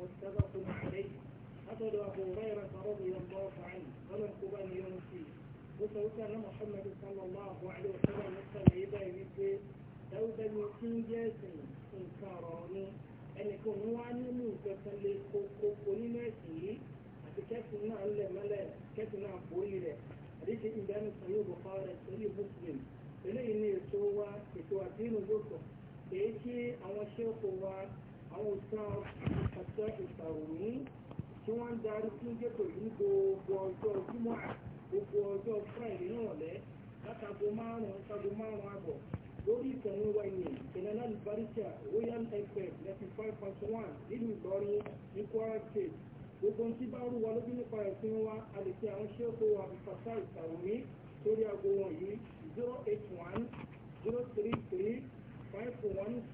na-akpọrọ na-akpọrọ na-akpọrọ ụ ụe ahad aụị wa naebe ewete dau nị eze nerụnụ wae eooile aa iaụa u e-etowa o ehi anwụci ụkụwa àwọn nǹkan ọ̀sẹ̀ ìsàròyìn tí wọ́n ń darí fún jẹ́tò yìí gbogbo ọjọ́ ojúmọ́ gbogbo ọjọ́ friday nírọ̀lẹ́ látago márùn-ún látago márùn-ún àbọ̀ lórí ìkànnì wáyé ìkẹlẹ́lá ìbáríṣà royal express ninety five point one nílùú ìlọrin ní kwara state gbogbo ohun tí bá rú wa lójú nípa ẹ̀sìn wa a lè fi àwọn ṣẹ́kọ̀ọ́ àbífàṣà ìsàròyìn sórí aago wọ̀nyí zero eight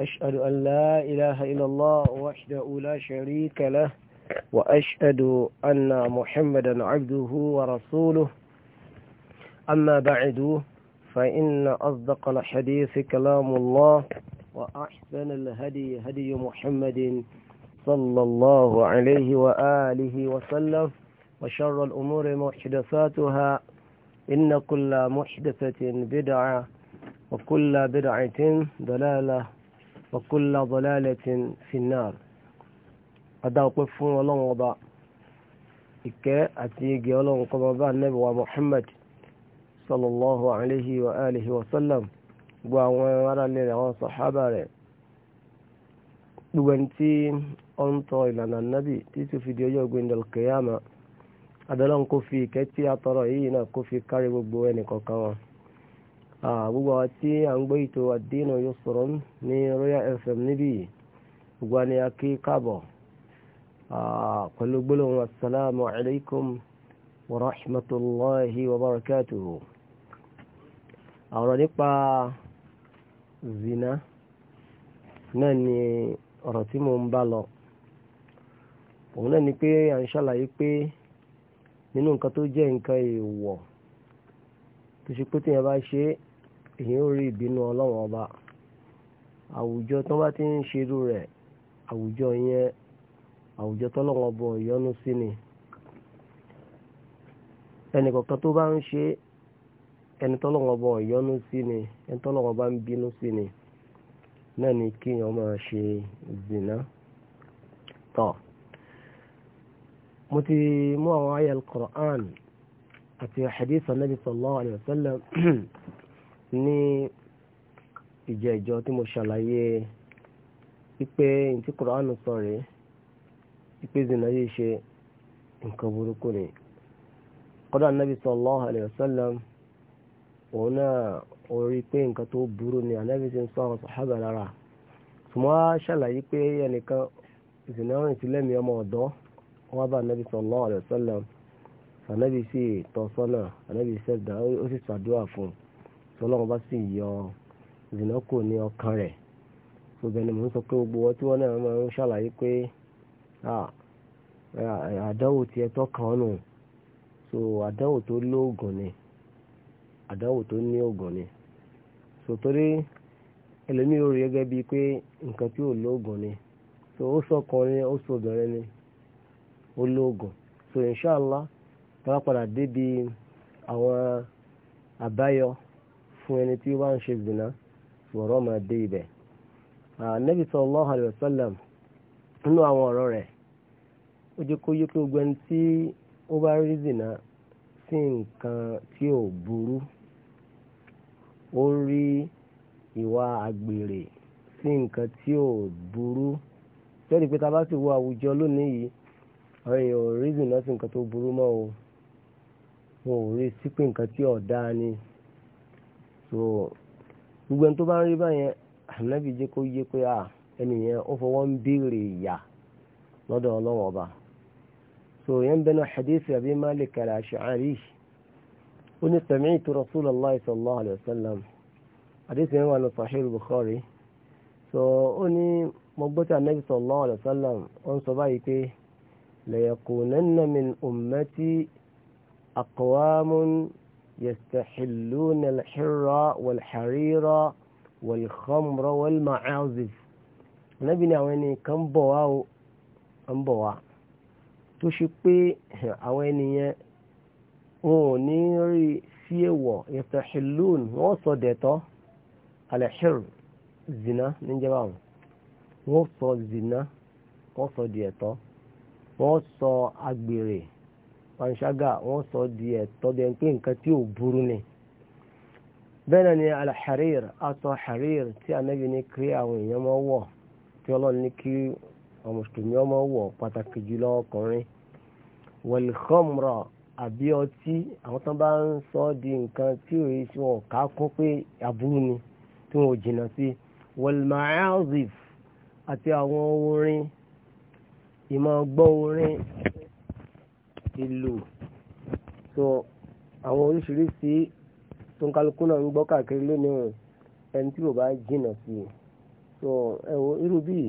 أشهد أن لا إله إلا الله وحده لا شريك له وأشهد أن محمدا عبده ورسوله أما بعد فإن أصدق الحديث كلام الله وأحسن الهدي هدي محمد صلى الله عليه وآله وسلم وشر الأمور محدثاتها إن كل محدثة بدعة وكل بدعة ضلالة وكل ضلالة في النار أدعو قفون ولن وضع إكا أتيجي ولن قبضاء النبي ومحمد صلى الله عليه وآله وسلم وعوان ورى لنا وصحابة لنا gbogbo ẹni tí ó ń tọ ìlànà nábì tí tó fi di ọjọ́ ògbìn dọ̀lùkẹ́yàmà adọ́lọ́n kó fi ìkẹ́ tí a tọrọ yìí náà kó fi kárí gbogbo ẹnì kọ̀ọ̀kan wọn gbogbo àwọn tí à ń gbé ètò àdínà yóò sọ̀rọ̀ ní Royal FM níbí gbogbo àni akí káàbọ̀ pẹ̀lú gbólóhùn asalaamu alaykum wa rahmatulahi wa barakatuhu ọ̀rọ̀ nípa zina náà ni ọ̀rọ̀ tí mo ń bá lọ òun náà ni pé à ń ṣàlàyé pé nínú nǹkan tó jẹ́ nǹkan èèwọ̀ tó ṣe pé téèyàn bá ṣe é èyàn rí ìbínú ọlọ́run ọba àwùjọ tó bá ti ń ṣerú rẹ̀ àwùjọ yẹn àwùjọ tọ́lọ́run ọba ìyọ́nú sí ni ẹnìkọ̀kan tó bá ń ṣe ẹni tọ́lọ́run ọba ìyọ́nú sí ni ẹni tọ́lọ́run ọba ń bínú sí ni náà ni kéèyàn máa ṣe zìnà tọ́ mo ti mú àwọn ayé àti hadith anabi sallallahu alayhi wa ní ìjẹ́ ìjọ tí mo ṣàlàyé wípé ntí kùránù sọ rèé wípé zina yìí ṣe nǹkan burúkú ni kódà nàbì sallallahu alayhi wa òun náà ó rí pé nǹkan tó burú ni ànábì ti ń sọ àwọn sàhábà lára sùmọ́ ṣàlàyé pé ẹnìkan zina rìn sí lẹ́mìí ọmọ ọ̀dọ́ wọn bá nàbì tọ́lọ́run bá sì yọ zina ní ọkàn rẹ̀ gbogbo ẹni mò ń sọ pé gbogbo ọtí wọn náà máa ń ṣàlàyé pé àdáwò tiẹ̀ tọ́kàn ọ̀nù so àdáwò tó lóògùn ni àdáwò tó ní òògùn ni so torí ẹlòmíì rò gẹ́gẹ́ bíi pé nǹkan tí ò lóògùn ni so ó sọkùnrin ó sọbìnrin ni ó lóògùn so inshàlá tọ́lá padà débi àwọn àbáyọ fún ẹni tí wọ́n ń ṣe zina sọ̀rọ̀ máa dé ibẹ̀. Ànábì sallallahu alaihi wasallam nínú àwọn ọ̀rọ̀ rẹ̀ ó jẹ́ kó yé pé gbogbo ẹni tí ó bá rí zina sí nǹkan tí ò burú ó rí ìwà àgbèrè sí nǹkan tí ò burú lórí pé ta sì wo àwùjọ lónìí yìí àwọn èèyàn ò rí zina sí nǹkan tó burú mọ́ o wọn ò rí sí nǹkan tí dáa ni. so gbogbo ẹni tó bá ń rí báyẹn ànábì jẹ́ kó yé pé à ah, ẹni yẹn ó fọwọ́ ń béèrè ìyà lọ́dọ̀ ọlọ́wọ́n ọba so yẹn bẹ́ẹ̀ náà hadith Abi Malik al-Ash'ari ó ní sami'tu Rasulullah sallallahu alayhi wa sallam hadith yẹn wà ní Sahih Bukhari so ó ní mo gbọ́ tí ànábì sallallahu alayhi wa sallam ó ń sọ báyìí pé la yakunanna min ummati يستحلون الحر والحرير والخمر والمعازف Ànábì ní àwọn ẹni kan ń bọ̀ wá o ń bọ̀ wá tó ṣe pé àwọn ènìyàn wọn ò ní rí sí èèwọ̀ yastahillun wọ́n sọ dẹ̀tọ́ al-hirr zina níjẹba wọn wọ́n sọ zina wọ́n sọ dẹ̀tọ́ wọ́n sọ agbèrè panṣágà wọ́n sọ di ẹ̀tọ́ bí ẹni pé nǹkan tí ò burú ni. bẹ́ẹ̀ náà ni alḥarir aṣọ harir tí anabi ní kí àwọn èèyàn máa wọ̀ tí ọlọ́run ní kí àwọn mùsùlùmí máa wọ̀ pàtàkì jùlọ ọkùnrin. wẹ̀lìkọ́mùrọ̀ àbí ọtí àwọn tó bá ń sọ di nǹkan tí ò yẹ wọn kà á kún pé àbúrú ni tí wọn ò jìnnà sí. wẹ̀lìmáyàzif àti àwọn orin ìmọ̀ gbọ́ orin àti lò so àwọn oríṣiríṣi tó ń kálukú náà ń gbọ́ káàkiri lónìí o ẹni tí kò bá jìnnà sí i so ẹ wo irú bíi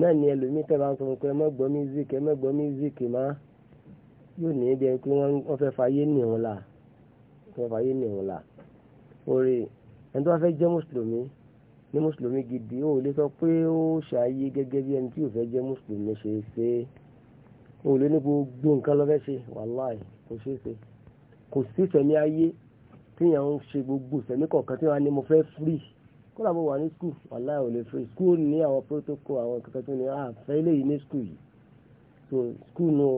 náà ni ẹlòmíín tẹ́ bá ń sọ pé ẹ má gbọ́ music ẹ má gbọ́ music má yóò ní ibi ẹni pé wọ́n fẹ́ fàyè nì là wọ́n fàyè nì là orí ẹni tó bá fẹ́ jẹ́ mùsùlùmí ní mùsùlùmí gidi ó lè sọ pé ó ṣàyè gẹ́gẹ́ bí ẹni tí ò fẹ́ jẹ́ mùsùlùmí ṣe ṣe é o ní gbogbo nǹkan lọ́fẹ́ ṣe wàláì kò ṣeé ṣe kò sí sẹ̀mí ayé tíyàn ń ṣe gbogbo sẹ̀mí kọ̀ọ̀kan tí wọ́n ní mo fẹ́ free kódà mo wà ní school wàláì ò lè free school ní àwọn protocol àwọn kankan tó ní àfẹ́ ah, eléyìí ní school yìí so school nu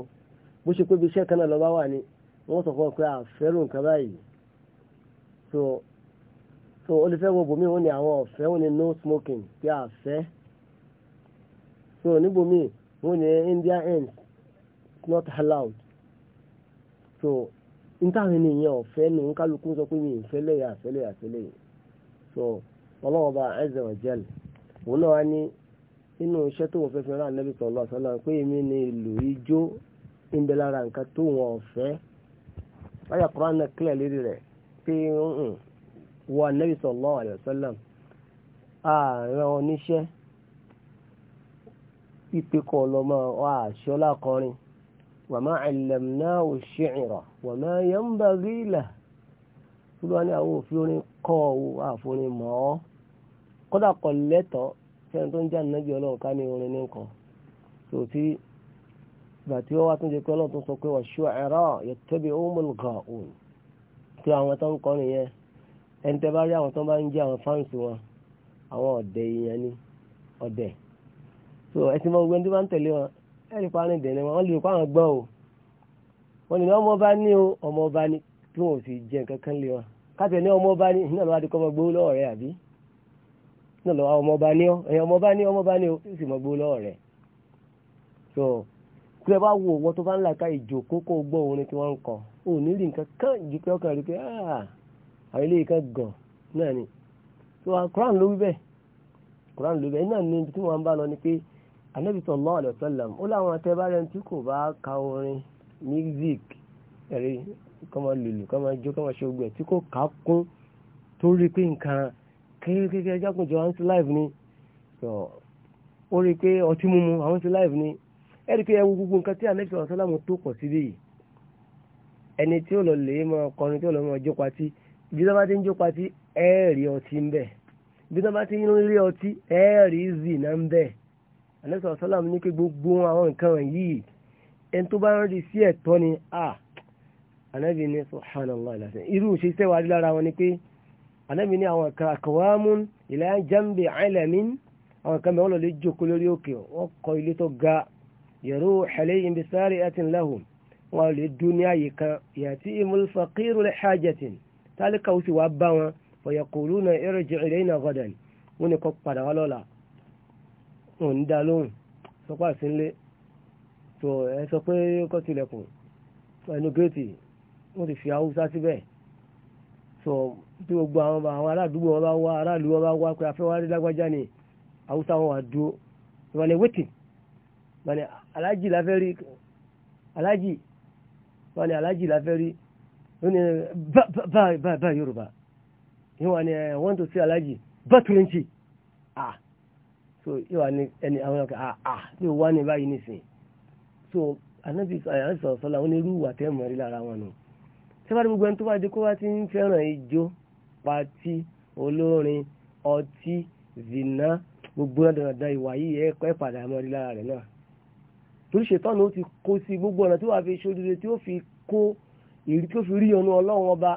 bó ṣe pé bí iṣẹ́ kan náà lọ́ba wà ní wọ́n sọ fún ọ pé àfẹ́rù ah, nǹkan báyìí so so ó lè fẹ́ wo bòmíì wọ́n ní àwọn ọ̀fẹ́ wọ́n ní no smoking pé àfẹ́ ah, so níbòmíì wọ́n ní Indian ends not allowed so nítawọn ènìyàn ọ̀fẹ́ ni wọn kálukú sọ pé mi ya yà fẹ́lẹ̀ yà so ọlọ́wọ́ eze azza wa jal òun náà na ní nínú iṣẹ́ tó wọ́n fẹ́ fẹ́ ni ìlú ijó ń bẹ lára nǹkan tó wọn ọ̀fẹ́ báyà Kùránì náà kílẹ̀ lérí a wàmá allamnahu ash-shi'ra wàmá yanbaghi lahu olúwa ní àwọn òfin orin kọ́ ọ àforin mọ́ ọ́ kódà kọ́ lẹ́tọ̀ọ́ fẹ́ràn tó ń já nàbí ọlọ́run ká ní orin nìkan tó ti gbà tí wọ́n wá tún jẹ́ pé ọlọ́run tó sọ pé wash-shu'ara yattabi'uhumul ghawun tí àwọn tó ń kọrin yẹn ẹni tẹ́ bá rí àwọn tó bá ń jẹ́ àwọn fáǹsì wọn àwọn ọ̀dẹ̀ ìyẹn ni ọ̀dẹ̀ so ẹ̀sìn mọ́ gbẹ́ndé bá ń tẹ̀lé wọn ẹ̀rí parí bẹ̀rẹ̀ wọn lè kó àwọn gbọ́ o wọn ọmọ o ọmọ ní tí wọn ò jẹ nǹkan kan lé ní ọmọ ní ọmọ gbowó lọ́wọ́ àbí ọmọ ọ ẹ̀yìn ọmọ ọba ní ọmọ ní o sì mọ gbowó lọ́wọ́ so kí ẹ bá wo owó tó bá ń là ká ìjòkó kó gbọ́ tí wọ́n ń kọ ò ní rí nǹkan kan pé ọkàn rí pé ah, àwọn kan gàn náà ni so ló wí bẹ́ẹ̀ ló wí bẹ́ẹ̀ ni tí wọ́n ń bá lọ ni anabi sallallahu alaihi wasallam ó láwọn atẹ́bárẹ́ tí kò bá ka orin music ẹ̀rí kọ́mọ lùlù kọ́mọ jó kọ́mọ ṣogbẹ̀ tí kò ká kún tó rí pé nǹkan kéékèèké jákùnjọ àwọn ti live ni ó rí pé ọtí mímu àwọn ti live ni ẹ̀rí pé ẹwu gbogbo nǹkan tí anabi sallallahu alaihi wasallam tó pọ̀ síbí yìí ẹni tí ó lọ lè mọ ọkọrin tí ó lọ mọ jó patí bí tó bá ti ń jó patí ẹ̀ẹ́rì ọtí ń bẹ bí tó bá ti ń rí ọtí ẹ̀ẹ́rì zì náà ń bẹ́ẹ̀ àlẹ́sọ̀ ọ̀sọ́làmù ní pé gbogbo àwọn nǹkan yìí ẹni tó bá ń rí sí ẹ̀tọ́ ni a ànábì ní subhanallah ìlàsẹ̀ irú ṣe iṣẹ́ wa rí lára wọn ni pé ànábì ní àwọn kan àkàwámún ìlà jambi alamin àwọn kan mẹ́wọ́n lọ́lẹ́ jókòó lórí òkè wọ́n kọ́ ilé tó ga yẹ̀rọ xẹlẹ́ ibi sáré atin lahum wọn lè dún ní àyè kan yàtí imul faqiru lè xaajatin tálíkà ó sì wá bá wọn fọyà kòlú náà irji ilayna gadan wọn ni kò padà wá lọ́la ò ń dá lóhùn sọpá sínlé tó ẹ sọ pé kọ́ tilẹ̀kùn ẹnu géètì wọ́n ti fi haúsá síbẹ̀ tó bí gbogbo àwọn àwọn aládùúgbò wọn bá wá aráàlú wọn bá wá pé afẹ́wárí lágbájá ni haúsá wọn wà dúró ìwọ ni wẹ́tì wọn ni alájì láfẹ́ rí alájì wọn ni alájì láfẹ́ rí wọn ni bá bá yorùbá wọn ni wọ́n tó sí alájì bá turanci ah so yóò wá ní ẹni àwọn ọkọ̀ àà ah, ah, yóò wá ní báyìí nìsín so anabi àyànsọ̀ sọ́la wọn ní irú ìwà tẹ́ mọ̀ rí lára wọn nù sẹ́wárí gbogbo ẹni tó bá di kó wá ti ń fẹ́ràn ijó patí olórin ọtí zina gbogbo ọ̀nà dandan ìwà yìí ẹ̀ kọ́ ẹ̀ padà mọ̀ rí lára rẹ̀ náà torí ṣètọ́nù ó ti kó sí gbogbo ọ̀nà tí wàá fi ṣojúre tí ó fi kó èrí tí ó fi rí ọ̀nà ọlọ́run ọba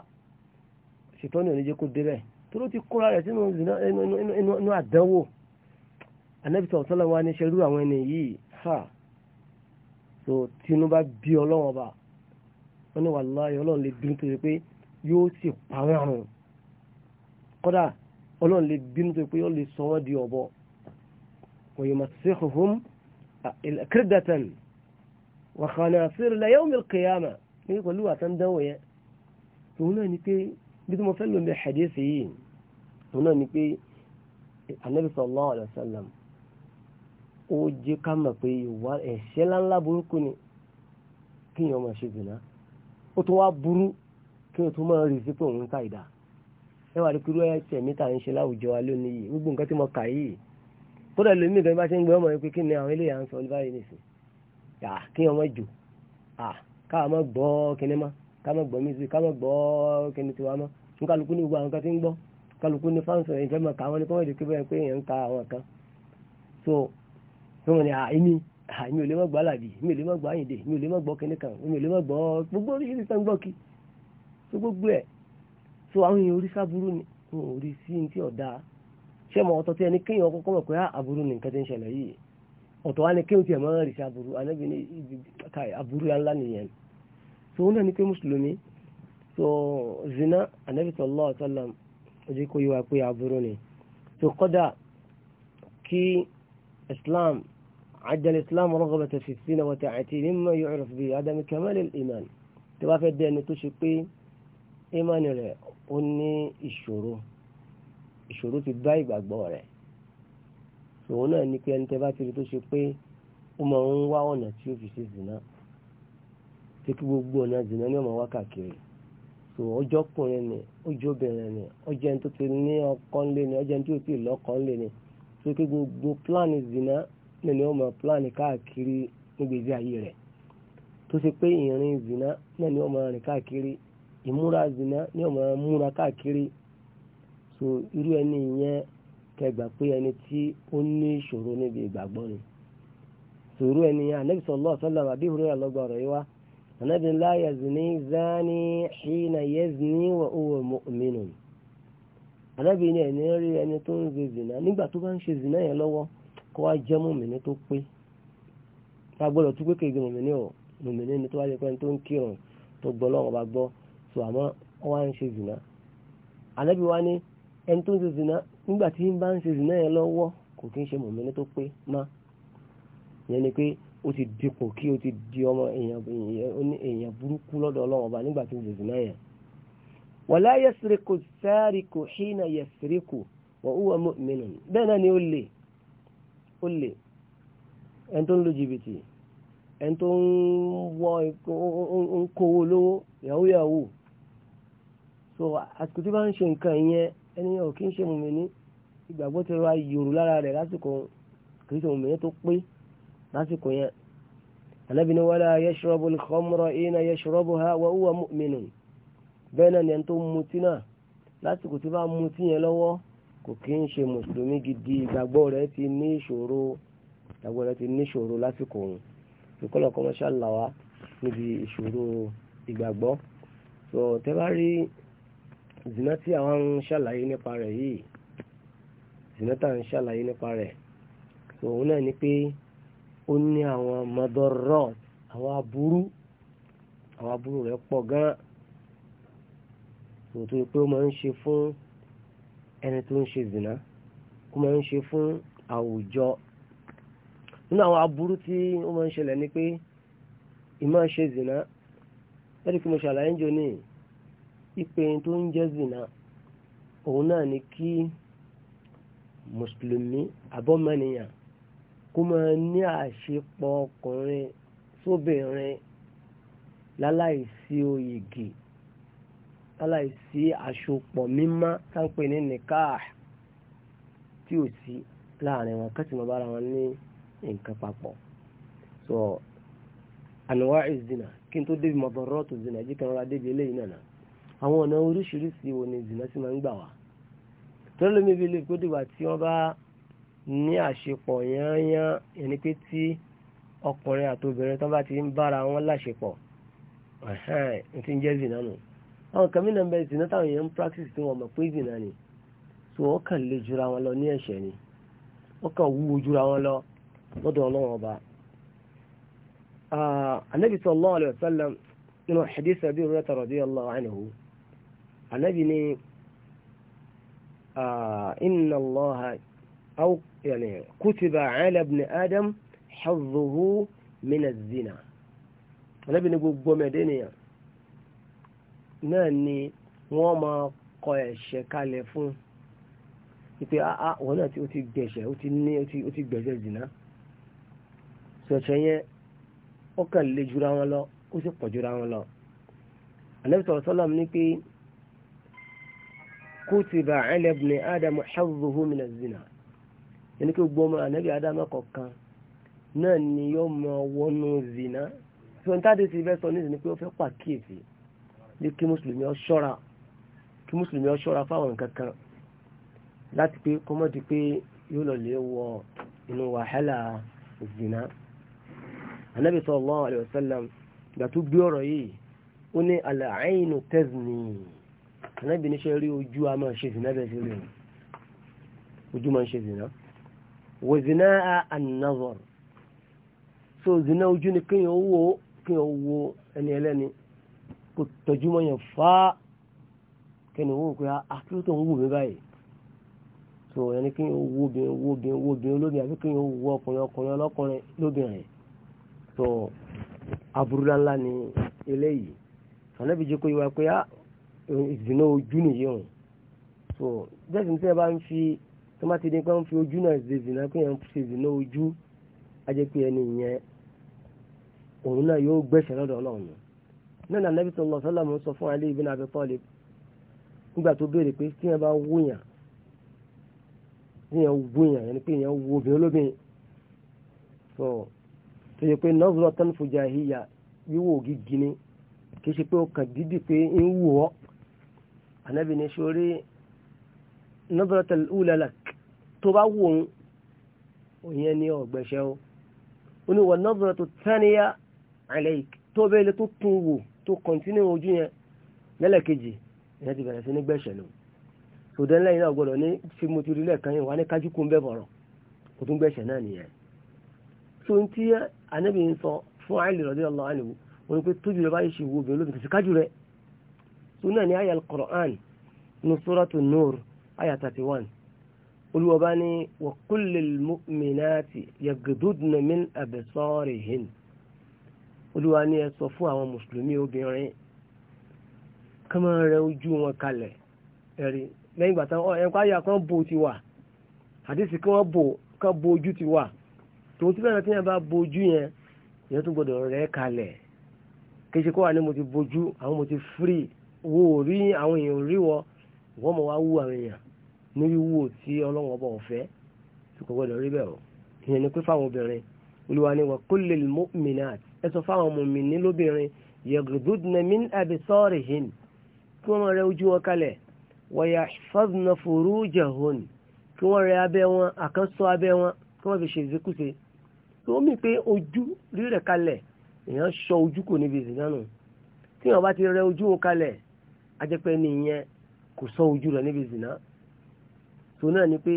ṣètọ́nù ò ní jẹ́ kó débẹ̀ torí ó ti kóra rẹ̀ sínú àdánwò anabi sọ̀rọ̀ sọ́lá wa ní ṣerú àwọn ẹni yìí ha so tinubu bí ọlọ́wọ́n bá wọ́n ní wàláhí ọlọ́run lè bínú torí pé yóò sì pa wọ́n rùn kódà ọlọ́run lè bínú torí pé yóò lè sọ wọ́n di ọ̀bọ wọ́n yóò máa ṣe huhum kírídàtàn wà kàná sírí la yawmil qiyamah ní pẹ̀lú àtàndánwò yẹn tòun náà ni pé bí tí mo fẹ́ lò ní hadisi yìí tòun náà ni pé anabi sallallahu alaihi wasallam ó jẹ́ ká mọ̀ pé ìwà ẹ̀ṣẹ̀ láńlá burúkú ni kí èèyàn máa ṣe zìnà ó tún wá burú kí èèyàn tún máa rí sí pé òun ń ka ìdá ẹ wà ní pírú ẹ̀ṣẹ̀ mi tà ń ṣe láwùjọ wa lónìí yìí gbogbo nǹkan tí mo kà yìí tó dẹ̀ lómi ìgbà bá ṣe ń gbé ọmọ yẹn pé kí ni àwọn eléyà ń sọ báyìí nìsín yà kí èèyàn máa jò à ká má gbọ́ kíní má ká má gbọ́ mísì ká má gbọ́ kíní tiwa má fún kálukú ní gbogbo àwọn kan tí ń gbọ́ kálukú ní fáńsọ̀ ìfẹ́ mọ̀ káwọn ní kọ́mọ̀dé kí bẹ́ẹ̀ pé èèyàn ń ka àwọn kan so wọn ni àìní àìní ò lè mọ́gbọ́ alábì mi ò lè mọ́gbọ́ àyìndé mi ò lè mọ́gbọ́ kẹ́nìkan mi ò lè mọ́gbọ́ gbogbo oríṣiríṣi tán gbọ́ kí tó gbogbo ẹ̀ tó àwọn èèyàn orí sábúrú ni wọn ò rí sí ní tí ọ̀dà ṣé mo ọ̀tọ̀ tí ẹni kéèyàn kọ́kọ́ mọ̀ pé àbúrú ni nǹkan ti ń ṣẹlẹ̀ yìí ọ̀tọ̀ wa ni kéèyàn tiẹ̀ mọ́ rí sí àbúrú anábì ní àbúrú ńlá nìyẹn tó wọn náà ni pé mùsùlùmí tó zina anábì sallallahu alaihi wasallam ojú kó yíwa pé àbúrú ni tó kọ́dà kí Islam عد الإسلام رغبة في السنة وتعتيل مما يعرف بعدم كمال الإيمان تبقى في الدين تشقي إيمان له قلني الشروع ìṣòro ti bá ìgbàgbọ́ rẹ̀ ṣòro náà ni pé ẹni tẹ́ bá ti rí tó ṣe pé ó máa ń wá ọ̀nà tí ó fi ṣe zìnà tí kí gbogbo ọ̀nà zìnà ní ọmọ wákàkiri ṣò ọjọ́ kùnrin ni ọjọ́ obìnrin ni ọjọ́ ẹni tó ti ní ọkọ ńlé ni ọjọ́ ẹni tó ti lọ́kọ ńlé ni ṣò kí gbogbo plan zìnà ní ọmọ pílánì káàkiri nígbèsí ayé rẹ̀ tó ṣe pé ìrìn zina náà ní ọmọ rìn káàkiri ìmúra zina ní ọmọ múra káàkiri so irú ẹni yẹn kẹgbà pé ẹni tí ó ní ìṣòro níbi ìgbàgbọ́ ni sòrò ẹni yẹn anabi sallallahu alaihi wasallam àbí ìhùrẹ́ àlọ́gbà ọ̀rọ̀ yìí wá anabi la yazni zani hina yazni wa huwa mu'minun anabi ni ẹni rí ẹni tó ń ṣe zina nígbà tó bá ń ṣe zina yẹn lọ́wọ́ kó wá jẹ́ mùmìnì tó pé tá a gbọ́dọ̀ tún pé kéèké mùmìnì ọ̀ mùmìnì ni tó wá jẹ́ pé tó ń kírun tó gbọ́ lọ́wọ́ bá gbọ́ tó àmọ́ ọ wá ń ṣe zìnà ànábì wa ní ẹni tó ń ṣe zìnà nígbà tí bá ń ṣe zìnà yẹn lọ́wọ́ kò kí ń ṣe mùmìnì tó pé má yẹn ni pé ó ti dipò kí ó ti di ọmọ èèyàn burúkú lọ́dọ̀ ọlọ́wọ́ bá nígbà tí ń ṣe zìnà yẹn ó lè ẹni tó ń lo jìbìtì ẹni tó ń wọ ń kówó lówó yahoo so àsìkò tí bá ń ṣe nǹkan ìyẹn ẹni yẹn ò kí ń ṣe mùmíní ìgbàgbọ́ ti ra yòrò lára rẹ̀ lásìkò kì í ṣe mùmíní tó pé lásìkò yẹn Ànábì ní wala yashrabu al-khamra ina yashrabuha wa huwa mu'minun bẹ́ẹ̀ náà ni ẹni tó mutí náà lásìkò tí bá mutí yẹn lọ́wọ́ kò kí ń ṣe mùsùlùmí gidi ìgbàgbọ́ rẹ̀ ti ní ìṣòro ìgbàgbọ́ rẹ̀ ti ní ìṣòro lásìkò òun ìkọlọ̀ kọmọṣà làwà níbi ìṣòro ìgbàgbọ́ tó tẹ́bá rí zina tí àwọn ń ṣàlàyé nípa rẹ̀ yìí zina tá ń ṣàlàyé nípa rẹ̀ tó òun náà ni pé ó ní àwọn mọdọrọ àwọn aburú àwọn aburú rẹ̀ pọ̀ gan-an tó tó pé ó máa ń ṣe fún ẹni tó ń ṣe zìnà kó máa ń ṣe fún àwùjọ nínú àwọn aburú tí ó máa ń ṣẹlẹ̀ ni pé ìmọ̀ ṣe zìnà ẹ̀rí kí mo ṣàlàyé jọ ní ìpè tó ń jẹ́ zìnà òun náà ni kí mùsùlùmí abọ́mọnìyàn kó máa ní àṣepọ̀ ọkùnrin sóbìnrin láláìsí oyè gèè aláìsí àṣopọ̀ mímọ́ táǹpẹ̀ ní nìkáà tí ò sí láàrin wọn kẹ́sì mọ́ bára wọn ní nǹkan papọ̀ so ànúwá ìzìnà kí n tó débi mọ̀bọ̀rọ̀ tó zìnà jí kan rọra débi eléyìí nànà àwọn ọ̀nà oríṣiríṣi wo ni zìnà sí máa ń gbà wá tọ́lá lómi ibi ilé ìgbódìgbà tí wọ́n bá ní àṣepọ̀ yányán ẹni pé tí ọkùnrin àtobìnrin tó bá ti ń bára wọn láṣepọ̀ ẹ̀hẹ́n ti ń jẹ́ zìnà nù àwọn kan mìíràn bẹ̀rẹ̀ zina táwọn èèyàn ń practice tí wọ́n mọ̀ pé zina ni so wọ́n kàn lè jura wọn lọ ní ẹ̀ṣẹ̀ ni wọ́n kàn wúwo jura wọn lọ lọ́dọ̀ ọlọ́wọ́n ọba. anabi sallallahu alayhi wa sallam nínú hadith Abi Hurairah radiyallahu anhu anabi ni inna allaha aw yani kutiba ala ibn adam hadhuhu min zina anabi ni gbogbo mẹ́ẹ̀dẹ́nìyàn náà ni wọ́n máa kọ ẹ̀ṣẹ̀ kalẹ̀ fún ipe aa ah, ah, wọn náà ti o ti gbẹ̀ṣẹ̀ o ti ní o ti gbẹ̀ṣẹ̀ jìnnà sọ̀tẹ̀ yẹn ó kàn lè jura wọn lọ ó sì pọ̀ jura wọn lọ anabi sọ̀rọ̀ sọ́lọ́m ní pé kutiba ala ibn ádámù hazzuhu min az-zina yẹn kí gbogbo ọmọ anabi ádámù kọ̀ọ̀kan náà ni yóò máa wọnú zina sọ̀tẹ̀ àti ti fẹ́ sọ ní ìsìn ni pé ó fẹ́ pàkíyèsí ní kí mùsùlùmí ó ṣọ́ra kí mùsùlùmí ó ṣọ́ra fáwọn nǹkan kan láti pé kọ́mọ́dé pé yóò lọ lè wọ inú wàhálà zina anabi sallallahu alayhi wa sallam gbàtú gbé ọ̀rọ̀ yìí ó ní al-aynu tazni anabi níṣẹ́ rí ojú a máa ṣe zina bẹ́ẹ̀ sí rí ojú máa ṣe zina wa zina an so zina ojú ni kíyàn owó kíyàn ẹni ẹlẹ́ni kó tọ́jú mọ́ yẹn fá kẹ́ni wọ́n pé akíló ah, ah, tó ń wù mí báyìí tó yẹn ni kí n wo obìnrin wo obìnrin wo obìnrin olóbìnrin àbí kí n wo ọkùnrin ọkùnrin ọlọ́kùnrin lóbìnrin tó aburúlá ńlá ni eléyìí sànẹ́bí jẹ́ kó yẹ pé ah, ìdìnnà ojú nìyí hàn so bẹ́ẹ̀ ní sẹ́yìn bá ń fi tó má ti di pé ń fi ojú náà ṣe ìdìnnà pé yẹn ń ṣe ìdìnnà ojú á jẹ́ pé ẹni yẹn òun náà yóò gbẹ̀ṣẹ̀ lọ́dọ̀ ọlọ́run náà ní anabi sallallahu alaihi wasallam sọ fún Ali ibn Abi Talib nígbà tó béèrè pé tí yẹn bá wúyàn tí yẹn wúyàn yẹn ni pé yẹn wú obìnrin olóbìnrin tó tó yẹ pé nazratan fujahiyya wíwò gígí ni kì í ṣe pé ó kàn dídì pé ń wù ọ́ anabi ní sórí nazratal ula lak tó bá wù òun òyìn ní ọ̀gbẹ̀ṣẹ́ o ó ní wọ́n nazratu thaniya alayk tó bẹ́ẹ̀ lè tún wò tó kọ̀ntínú ojú yẹn lẹ́lẹ̀kejì ìyẹn ti bẹ̀rẹ̀ sí ní gbẹ̀ṣẹ̀ lò sòdẹ́ ńlẹ́yìn náà gbọ́dọ̀ ní fi mo ti rí lẹ́ẹ̀kan yẹn wà ní kájúkú ń bẹ̀ bọ̀rọ̀ kò tún gbẹ̀ṣẹ̀ náà nìyẹn. tó ń tí anábì ń sọ fún àìlè radiyallahu anhu wọn ni pé tójú rẹ báyìí ṣe wo obìnrin lóbi tẹ̀sí kájú rẹ. tó náà ní àyà al-Qur'an ní nur àyà thirty one olùwọ̀bá ni wa kullil mu'minati yaghudna min absarihin olúwa ní ẹ sọ fún àwọn mùsùlùmí obìnrin kí wọ́n rẹ ojú wọn kalẹ̀ ẹ̀rí lẹ́yìn ìgbà tán ẹ̀kọ́ ayé kan bò ti wà àdìsí kí wọ́n bò kán bo ojú ti wà tòun tí bẹ́ẹ̀ tí yẹn bá bo ojú yẹn ìyẹn tún gbọdọ̀ rẹ kalẹ̀ kì í ṣe kó wà ní mo ti bojú àwọn mo ti free wo ò rí àwọn èèyàn rí wọ ìwọ́n mọ̀ wá wú àwọn èèyàn ní wíwú tí ọlọ́run ọba ọ̀fẹ́ tí kò gbọdọ̀ rí bẹ́ẹ̀ ìyẹn ni pé fáwọn obìnrin olúwa ni wa kullil mu'minat ẹ sọ fáwọn mùmínì lóbìnrin yaghdudna min absarihin kí wọ́n rẹ ojú wọn kalẹ̀ wa yahfazna furujahun kí wọ́n rẹ abẹ́ wọn àkànṣọ abẹ́ wọn kí wọ́n fi ṣe ìṣekúṣe tó mì pé ojú rírẹ̀ kalẹ̀ èèyàn sọ ojú kò níbi ìsìn tí èèyàn bá ti rẹ ojú wọn kalẹ̀ ajẹ́pẹ́ ni kò sọ ojú rẹ̀ níbi ìsìn tó náà ni pé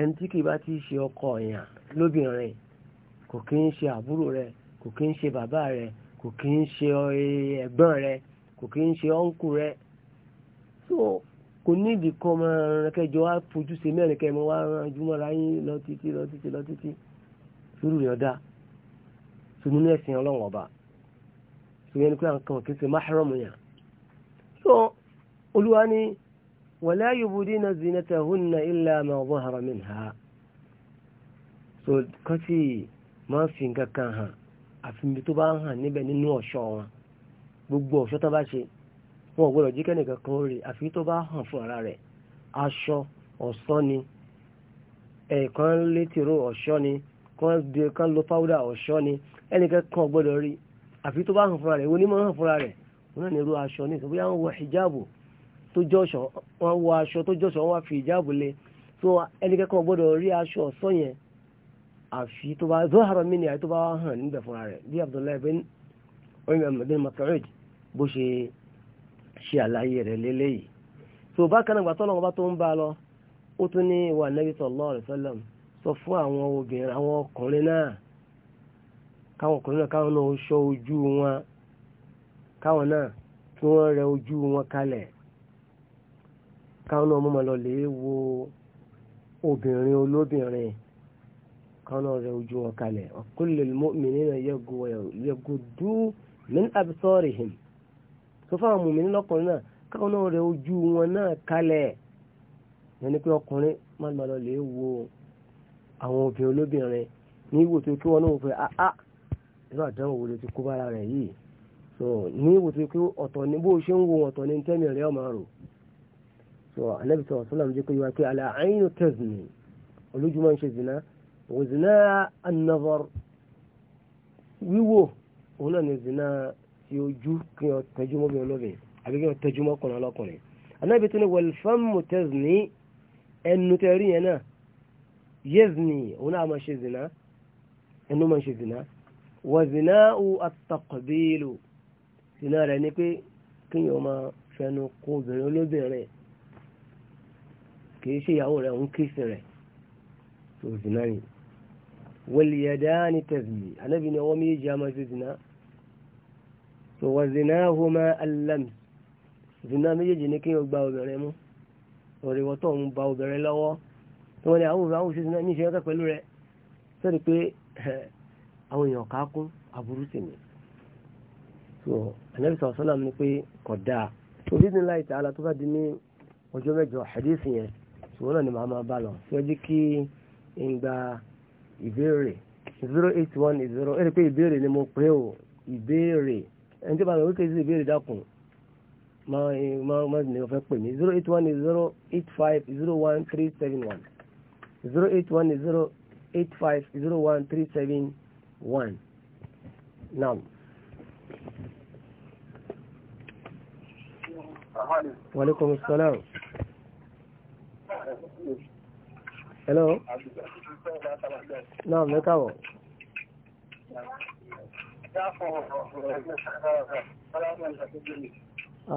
ẹni tí kì í bá ti ṣe ọkọ èèyàn lóbìnrin kò kí ń ṣe àbúrò rẹ̀ kò kí ń ṣe bàbá rẹ kò kí ń ṣe ẹ̀gbọ́n rẹ kò kí ń ṣe ọ́nkù rẹ so kò nídìí kọ́ ọmọ kẹjọ wá fojú sí mẹ́rin kẹmọ wá jùmọ̀ra yín lọ títí lọ títí lọ títí sùúrù rẹ̀ ọ̀dà so nínú ọba so yẹn ni pé ṣe yàn so olúwa ni so kọ́sì máa fi nǹkan kan hàn àfihàn tó bá ń hàn níbẹ̀ nínú ọ̀ṣọ́ wọn gbogbo ọ̀ṣọ́ tó bá ṣe wọn ò gbọdọ̀ jíkẹ́ nìkan kan rè àfi tó bá hàn fún ara rẹ̀ aṣọ ọ̀ṣọ́ ni ẹ̀ẹ̀kan létíró ọ̀ṣọ́ ni kan lo fáwúdà ọ̀ṣọ́ ni ẹnìkan kan gbọdọ̀ rí àfi tó bá hàn fúnra rẹ̀ wo ni hàn fúnra rẹ̀ wọn náà ní irú aṣọ ní ìsọ̀bí àwọn wọ hijabu tó jọ̀ṣọ́ wọn wọ aṣọ tó jọ̀ṣọ́ wọn fi hijabu lé so ẹnìkan kan gbọdọ̀ rí aṣọ àfi tó bá zọ́hàrọ̀ mí ni àyè tó bá hàn níbẹ̀ fúnra rẹ̀ bí abdullahi bin oyinbo bin masoud bó ṣe ṣe àlàyé rẹ̀ lélẹ́yìí tó bá kan àgbà tọ́lọ́wọ́ bá tó ń bá a lọ ó tún ní ìwà nẹ́bí sallallahu alaihi wasallam sọ fún àwọn obìnrin àwọn ọkùnrin náà káwọn ọkùnrin náà káwọn náà ṣọ́ ojú wọn káwọn náà tí wọ́n rẹ ojú wọn kalẹ̀ káwọn náà mọ́ lọ lè wo obìnrin olóbìnrin kọ́nà rẹ̀ ojú wọn kalẹ̀ kullil mu'minina yaghuddu min absarihim tó fáwọn mùmìnì lọ́kùnrin náà káwọn náà rẹ̀ ojú wọn náà kalẹ̀ yẹn ni pé ọkùnrin má lọ lọ lè wo àwọn obìnrin olóbìnrin ní ìwò tó kí wọn náà fẹ́ àá irú àdánwò wo ló ti kó bára rẹ̀ yìí so ní ìwò tó kí ọ̀tọ̀ ní bó ṣe ń wo ọ̀tọ̀ ní tẹ́mi rẹ̀ ọmọ rò so anabi sọ̀rọ̀ sọ́lá mi jẹ́ pé wá pé àlà àyìn tẹ̀sìn olójúmọ́ zina an-nazar wíwò òun náà ni zina ti ojú kí wọ́n tẹ́jú mọ́ bí olóbìn àbí kí wọ́n tẹ́jú mọ́ ọkùnrin ọlọ́kùnrin anábì tó ní wal-famu tazni ẹnu tẹ́ rí yẹn náà yazni òun náà máa ṣe zina ẹnu máa ṣe zina wa zina'u at-taqbilu zina rẹ̀ ni pé kí wọ́n máa fẹnu kó obìnrin olóbìnrin kì í ṣe ìyàwó rẹ̀ òun kìí sí rẹ̀ tó zina yìí. واليدان تزني أنا بن أومي جامع زنا وزناهما اللمس زنا ميجي نكي وباو بريمو وريوتهم باو بري لوا wọ́n ní àwọn òbí àwọn òṣìṣẹ́ ní ìṣẹ́yọ́kẹ́ pẹ̀lú rẹ̀ sọ́ni pé àwọn èèyàn ká kún aburú sí mi so anabi sọ̀rọ̀ sọ́lá mi pé kò dáa òbí ní láì tààlà tó bá di ní ọjọ́ mẹ́jọ hadith yẹn ṣùgbọ́n náà ni màá máa bá lọ síwájú kí n gba ìbéèrè zero eight one zero ẹ̀rí pé ìbéèrè ni mo pè ó ìbéèrè ẹni tí ó bá lọ wíkẹ́ sí ìbéèrè dákun máa máa ní ọ̀fẹ́ pè mí zero eight one zero eight five zero one three seven one zero eight one zero eight five zero one three seven one naam. Wa salaam hello náà mẹ́ta wọ̀.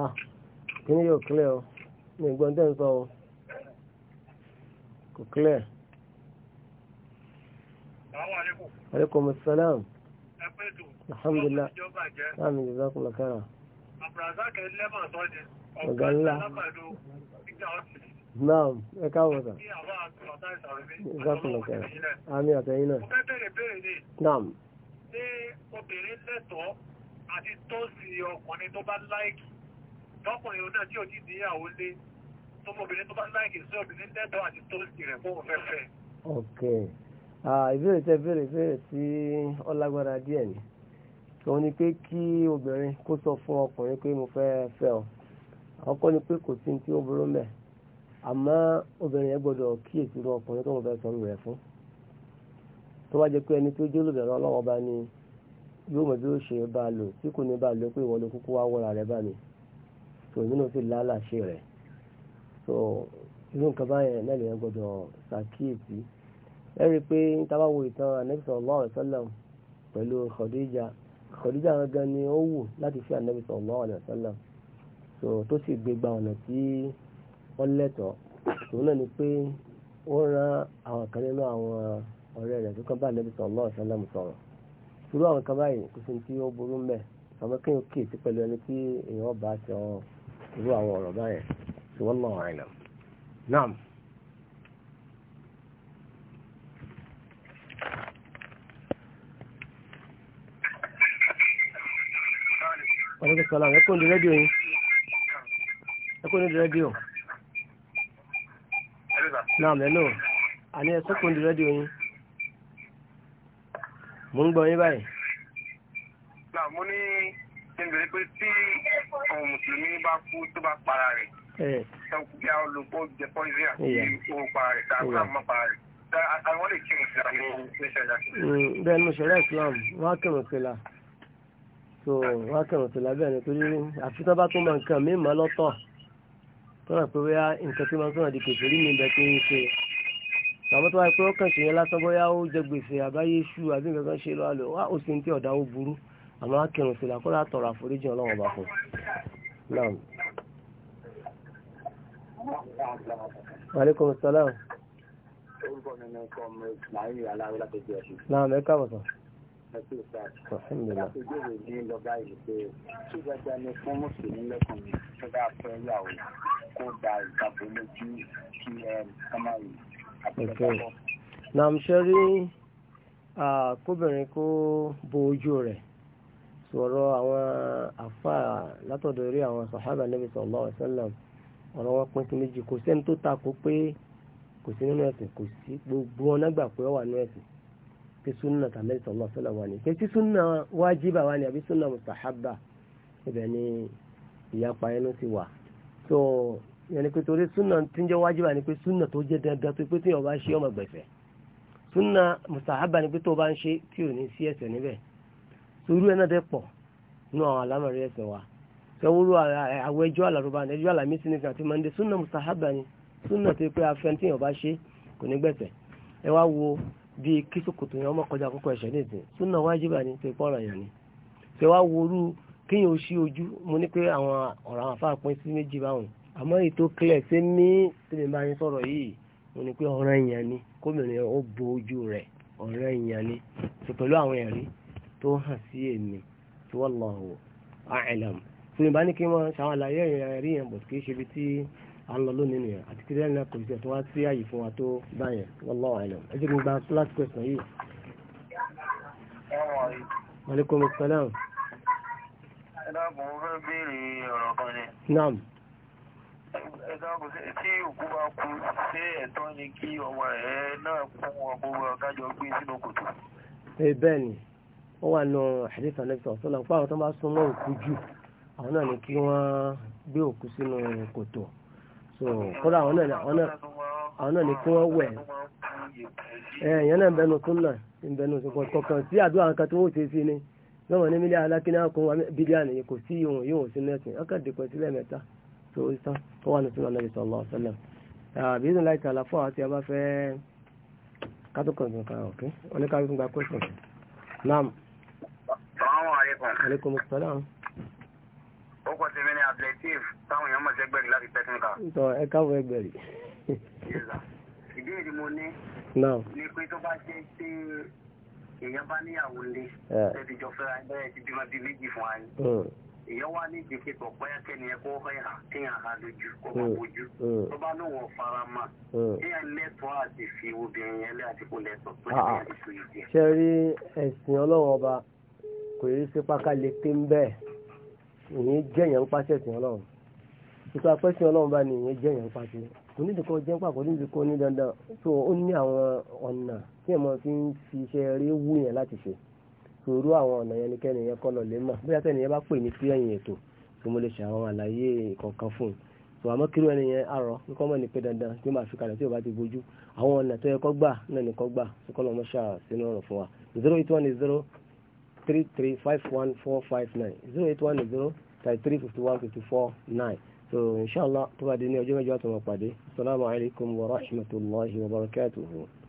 ah kí ni yóò clear o mi gbọ́n tẹ́ ń sọ o kò clear. aleykum salaam. alhamdulilah. naam jazakumullah khairan. ọ̀gá ńlá náà ẹ káwọ́ sà. ìgbàkùnlọ̀kẹ́ àmì àtẹ̀yìn náà. náà. ṣé obìnrin lẹ́tọ̀ọ́ àti tọ́sí ọkùnrin tó bá láìkì tọkùnrin náà tí ò ní ìdíyàwó lé tọmọbìnrin tó bá láìkì sí obìnrin lẹ́tọ̀ọ́ àti tọ́sí rẹ̀ fún òun fẹ́fẹ́. ok ìbéèrè tẹ béèrè ìbéèrè tí ó lágbára díẹ̀ ni òun ni pé kí obìnrin kó sọ fún ọkùnrin pé mo fẹ́ fẹ́ ọ ọkọ ni pé kò sí ní tí mẹ́ẹ̀ àmọ́ obìnrin yẹn gbọ́dọ̀ kíyèsí irú ọkùnrin tó ń fẹ́ sọ rẹ̀ fún tó bá jẹ́ pé ẹni tó jólóbẹ̀rẹ̀ ọlọ́wọ́ bá ní yóò mọ̀ bí ó ṣe bá a lò tí kò ní bá a lò pé ìwọ ló kúkú wá wọ́ra rẹ̀ bá mi tó èmi náà sì lálàṣe rẹ̀ tó irú nǹkan báyẹn náà lè yẹn gbọ́dọ̀ ṣàkíyèsí ẹ rí i pé tábà wo ìtàn Ànábì sallallahu alaihi pẹ̀lú Khadija Khadija gangan ni ó wù láti fi Ànábì sallallahu alaihi wasallam tó sì gbégbá ọ̀nà tí ọlẹ́tọ̀ òun náà ni pé ó rán àwọn kan nínú àwọn ọ̀rẹ́ rẹ̀ tó kàn bá nẹ́bí sọ̀rọ̀ lọ́wọ́ sálẹ́mù sọ̀rọ̀ irú àwọn kan báyìí kò sí ní tí ó burú mẹ́ àmọ́ kí n kì í sí pẹ̀lú ẹni tí èèyàn bá sọ irú àwọn ọ̀rọ̀ báyẹn tí wọ́n lọ́wọ́ àìlẹ̀ náà. ọ̀rọ̀ kẹsàn-án ẹ̀kọ́ ní rédíò yín ẹ̀kọ́ ní rédíò naam hello àní ẹ sọ́kùn di rédíò yín mo ń gbọ́ yín báyìí. náà mo ní ìbéèrè pé tí ọmọ mùsùlùmí bá kú tó bá para rẹ̀ ṣàkóso àwọn olùkọ́ jẹ pọ́ńsíà tí ó para rẹ̀ tàbí àwọn ọmọ para rẹ̀ àwọn lè kí ìsìlá ní ìṣẹ̀dá. Mm, bẹ́ẹ̀ ni ìṣẹ̀dá Islam wọ́n á kẹ̀rùn sílá so wọ́n á kẹ̀rùn sílá bẹ́ẹ̀ ni torí àfi tó bá tún mọ nǹkan tọ́nà pé bóyá nǹkan tí wọ́n tọ́nà di kèfèrí ní ibẹ̀ tí ń ṣe àwọn tó wáyé pé ọkàn ṣe yẹn lásán bóyá ó jẹ gbèsè àbáyé ṣú àbí nǹkan kan ṣe lọ àlọ wá ó sì ń tí ọ̀dà ó burú àmọ́ akẹrùn sílẹ̀ kó láà tọrọ àforíjì ọlọ́wọ́n bá fún un. maaleykum salaam. orúkọ mi ni kọ́mọ ismail aláwọ̀ láti jẹ́ ọ̀sùn. náà mẹ́ka bọ̀tọ̀ ẹ̀sùn ìsáàtì. Ìgbà tó jẹ́ òwe ní lọ́gá yìí pé tí gbàgbà ni kóbìnrin kó bo ojú rẹ̀ sọ̀rọ̀ àwọn àfáà látọ̀dọ̀ rí àwọn sàhábà Nábì sallallahu alaihi wasallam ọ̀rọ̀ wọn pín sí méjì kò sẹ́ni tó takò pé kò sí nínú ẹ̀sìn kò sí gbogbo ọ̀nà gbà pé ó wà nínú ẹ̀sìn pé súnà tàbí sallallahu alaihi wasallam wà ní pé tí súnà wájibà wà ní àbí súnà mustahabba ibẹ̀ ni ìyapa ẹnu ti wà so yẹni pé torí súnà tí ń jẹ́ wájibà ni pé súnà tó jẹ́ dandan tó pé tí ọba ṣe ọmọ gbẹ̀fẹ̀ súnà mustahaba ni pé tó bá ń ṣe tí ò ní sí ẹ̀ṣẹ̀ níbẹ̀ torú ẹ̀ náà dẹ́ pọ̀ nínú àwọn àlámọ̀rí ẹ̀sìn wa sẹ́wúrú àwọn ẹjọ́ àlàrúbá ẹjọ́ bíi kí sòkòtò yẹn ọmọ kọjá kókó ẹ̀ṣẹ̀ nìsín súnà wájibà ní ti pọ́ọ̀rọ̀ yẹn ni ṣé wàá worú kíyàn ó ṣí ojú mo ní pé àwọn ọ̀rọ̀ àwọn afáà pín sí méjì báwọn àmọ́ ètò clear ṣé ní tèmi bá yín sọ̀rọ̀ yìí mo ní pé ọ̀ràn yẹn ni kóbìnrin ó bo ojú rẹ̀ ọ̀ràn yẹn ni ṣe pẹ̀lú àwọn ẹ̀rí tó hàn sí èmi tí wallahu a'lam tèmi bá ní kí wọ́n ṣàwọn àlàyé ẹ̀rí yẹn bọ̀ kì í ṣe ibi tí à ń lọ lónìí nìyẹn àti kí lẹ́yìn náà kò sí ẹ̀tọ́ wá sí àyè fún wa tó báyẹn wallahu a'lam ẹ jẹ́ kí n gba last question yìí. maaleykum salaam. ẹ dákun mo fẹ́ béèrè ọ̀rọ̀ kan ni. naam. ẹ dákun tí òkú bá kú ṣé ẹ̀tọ́ ni kí ọmọ ẹ̀ náà kún ọkọ̀ kájọ gbé sínú kòtò. ẹ bẹ́ẹ̀ ni ó wà nù hadith Ànábì sallallahu alaihi wasallam àwọn tó bá súnmọ́ òkú jù àwọn náà ni kí wọ́n gbé òkú sínú kòtò so kódà àwọn náà àwọn náà ni kí wọ́n wẹ̀ ẹ̀yàn náà ń bẹnu tún náà ń bẹnu tún kọ̀ọ̀kan sí àdúrà kan tí wọ́n ti fi ni lọ́wọ́ ní mílíọ̀nù alákínà kún bílíọ̀nù yìí kò sí ìwọ̀n yóò sí nẹ́ẹ̀sìn ọkàn dìpẹ́ sílẹ̀ mẹ́ta tó ìtàn tó wà ní sínú ọ̀nà ìṣọ̀ lọ́wọ́ sẹ́lẹ̀ àbí ìdùnnú láì tààlà fún àwọn tí a bá fẹ́ kátó kan kan ọ̀kẹ́ oníkàwé fún gba question naam. salaamaleykum. aleykum salaam. ó kọ́ sí mi abdulatif táwọn èèyàn mọ̀ sí ẹgbẹ̀rún láti tẹ́tíńkà. sọ ẹ káwọ́ ẹgbẹ̀rún. ìbéèrè mo ní. ní pé tó bá ṣe ṣe èèyàn bá níyàwó lé ẹbí jọ fẹ́ra ẹgbẹ́ ti bímọ bíi méjì fún ayé èèyàn wá ní ìdíje tó bóyá kẹ́ni ẹ̀kọ́ ẹ̀hà kéèyàn ha lójú kó má bójú tó bá lóun ọ̀fara mọ́ kéèyàn lẹ́tọ̀ọ́ àti fi obìnrin yẹn lé àti kó lẹ́tọ̀ọ́ tó lè fi ètò ìdí ẹ̀. ṣe rí ẹ̀sìn ọlọ́wọ́n ọba kò yẹ sí pákáleke ń bẹ́ẹ̀ ìyẹn jẹ́yàn ń pàṣẹ sí ọlọ́run ìtọ́ apẹ́sìn ọlọ́run bá ní ìyẹn jẹ́yàn ń pàṣẹ onídìkọ́ jẹ́ pàpọ̀ onídìkọ́ ní dandan tó ó ní àwọn ọ̀nà tí ẹ̀ mọ́ fi ń fi iṣẹ́ eré wú yẹn láti ṣe torú àwọn ọ̀nà yẹn nìkẹ́ni yẹn kọ́ lọ lè mọ̀ bóyá tẹ́ni yẹn bá pè ní sí ẹ̀yìn ètò tí mo lè ṣe àwọn àlàyé kọ̀ọ̀kan fún un tó àmọ́ kírú ẹni yẹn àrọ̀ kíkọ́ mọ̀ ní pé dandan tí màá fi kalẹ̀ tí o bá ti bójú àwọn ọ̀nà tó yẹ kọ́ gbà náà ní kọ́ gbà tó kọ́ lọ́mọ́ṣà sínú ọ̀rọ̀ fún wa zero eight one zero three three five one four five nine zero eight one zero thirty three fifty one fifty four nine so inshallah tó bá di ní ọjọ́ mẹ́jọ àtọ̀mọ̀ pàdé salamu alaykum wa rahmatulahi wa barakatuhu.